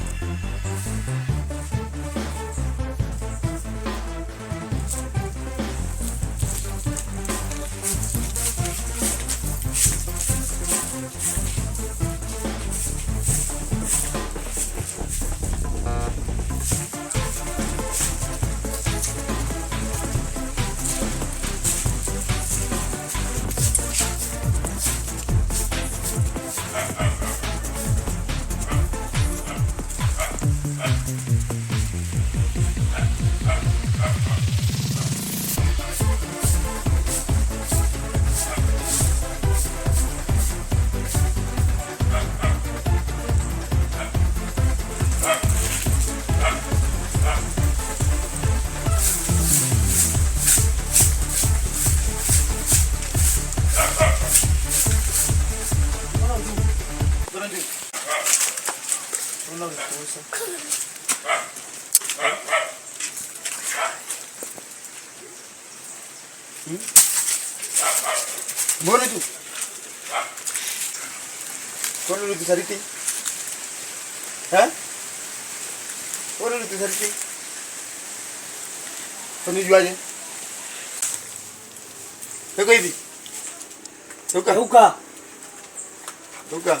Thank you. 응? 뭐라 줘? 뭐라 줘? 살이 ها؟ ولا اللي تسرقي؟ فني جواجه هكا يدي هكا هكا هكا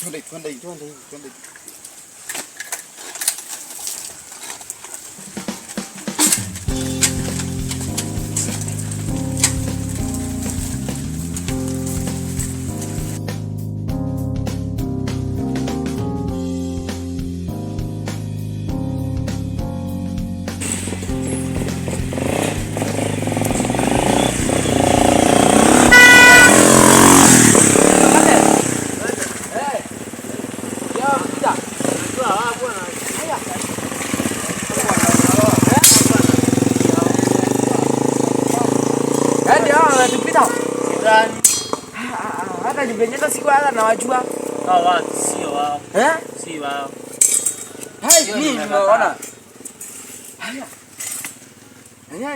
twenty twenty twenty twenty unawajua? Eh? Haya.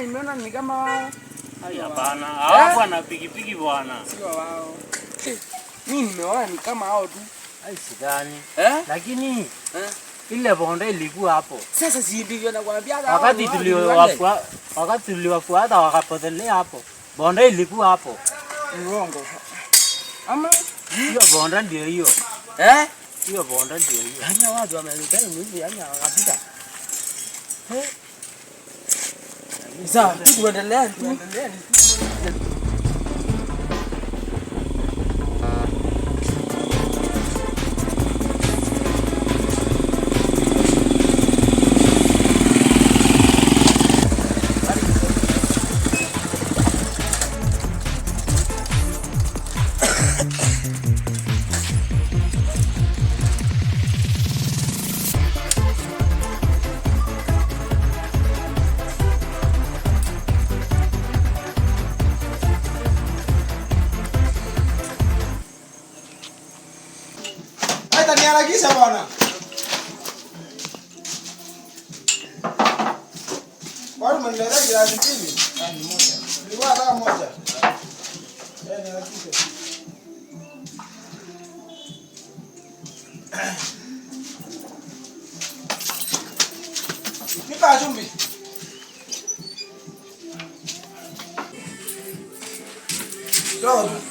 nimeona ni kama wao. Eh? Mimi nimeona ni kama hao tu. Hai, sidhani. Eh? Lakini Ile bonde ilikuwa hapo. Sasa si ndivyo nakwambia wakati tuliwafuata wakapotelea hapo. Bonde ilikuwa hapo. Ama Iyo bonda ndio hiyo. Eh? Iyo bonda ndio hiyo. Hanya watu wamelitana mwezi hanya kabisa. Eh? Sawa, tuendelee, tuendelee. Unaharakisha bwana. Bwana mniletea glasi mbili. Moja. Nilikuwa nataka moja. Eh, niharakisha. Nipa chumvi. Ndio.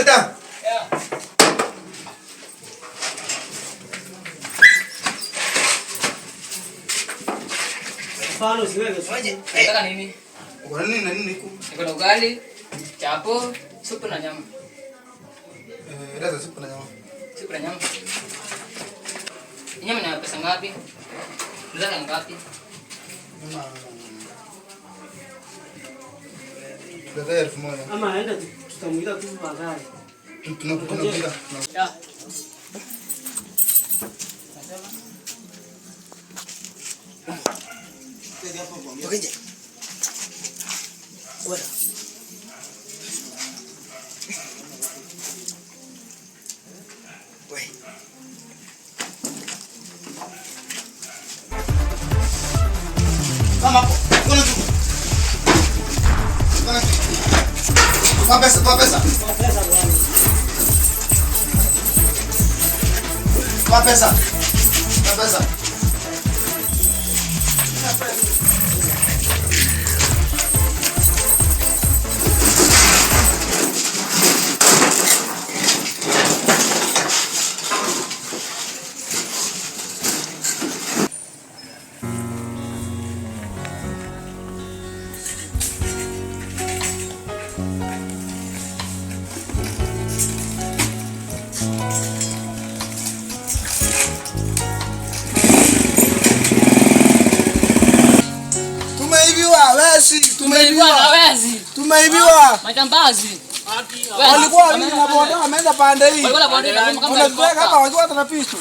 Balik dah. Ya. Paano sila eh. ko? Ito ka ini Ugali na ini ko. Ikaw na ugali. Chapo. Supo na Eh, dada supo nanyam, nyama. nanyam. ini mana Inyama na pesa ngapi? Dada ngapi? Nyama. Beba elfu moja. Ama aenda tutamuita tu baadaye. Tunakuja. Ya. Oke. Oke. Pode pensar, pode pensar. Pode pensar. Pode pensar. sisi tumeibiwa. Hawezi. Tumeibiwa. Ah, Majambazi. Walikuwa wengi na boda wameenda pande hii. Wanatupeleka hapa wakiwa pisu.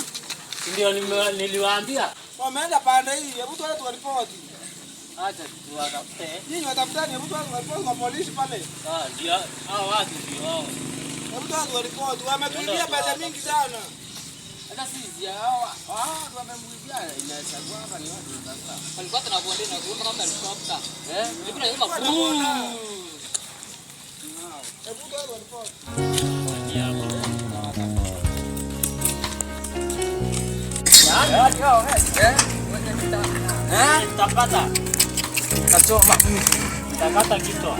Ndio niliwaambia. Wameenda pande hii. Hebu tu report. Acha tu tuwatafute. Nyinyi watafutani, hebu tuwe tuwaripoti kwa polisi pale. Ah, ndio hao watu ndio hao. Hebu tuwe report. Wametuibia pesa mingi sana hata sisi hawa hawa wamemwibia, inachagua hapa ni watu sasa. Walikuwa tunakuondia na kuomba kama helicopter eh, nilikuwa nasema fuu. Hebu gari walipata. Tapata. Tachoma. Tapata kichwa.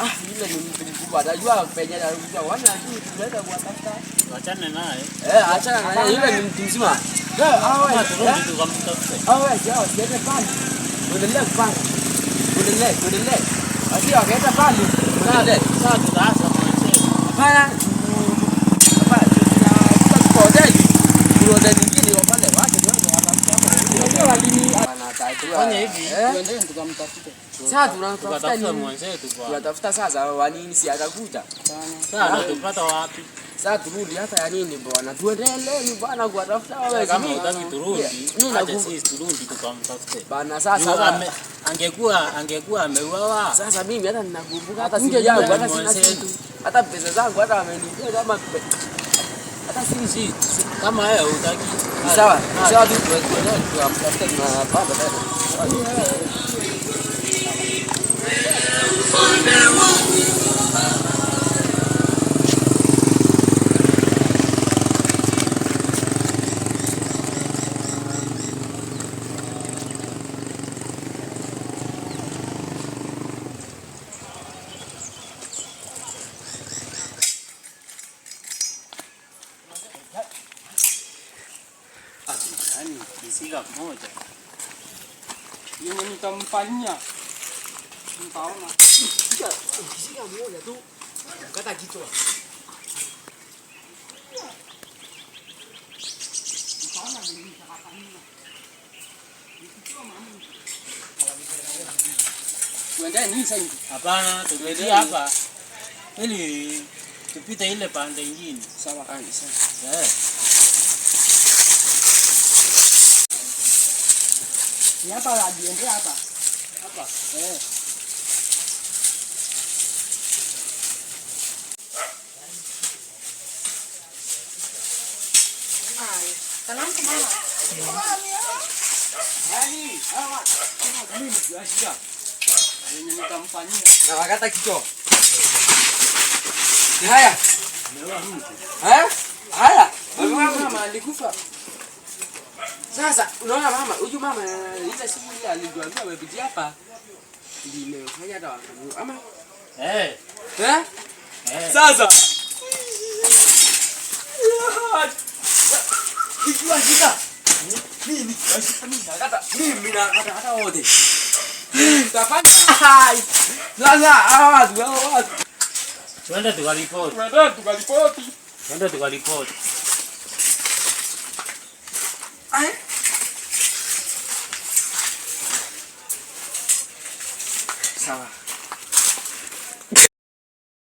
Yule ni mtu mkubwa, atajua penye anakuja. Wana akili tunaweza kuwatafuta. Achana naye. Eh, achana naye. Yule ni mtu mzima. Hawa turudi tukamtafute. Hawa yao siende pale. Tuendelee kupanga. Tuendelee, tuendelee. Basi akaenda pale. Tunaende. Sasa tutaanza kucheza. Hapana. Hapana. Tunakuta kwa hoteli. Kuna hoteli nyingine wapande wake ndio wanatafuta. Fanya hivi, tuendelee tukamtafute. Sasa tunatafuta nini Tunatafuta sasa wa nini si atakuja. Sasa tupata wapi? Sasa turudi hata ya nini bwana? Tuendelee bwana kuwatafuta wao. Kama hutaki turudi, acha sisi turudi tukamtafute. Bana sasa angekuwa angekuwa ameuawa. Sasa mimi hata ninakumbuka hata si yangu hata sina kitu. Hata pesa zangu hata amenipa kama hata si kama yeye hutaki. Sawa. Sawa tu tuendelee tukamtafute tunapata. 아니, 이세가 뭐죠? 이놈이 좀 빨냐? Mpaona ukishika ukishika moja tu kata kichwa. Mpaona nini takapania nikichoma apa? Eh. Nawakata kichwa. Haya. Haya? Haya. Mama alikufa. Sasa unaona mama, huyu mama ile siku ile alijuambia amepitia hapa. Ndio imefanya hata wakamua. Ama? Eh. Eh? Sasa. Lord. Tujuan kita. Ini ini kata. Ini kata Lah lah awas awas. Tuanda tukalipoti. Tuanda tukalipoti. Tuanda tukalipoti. Ay. salah.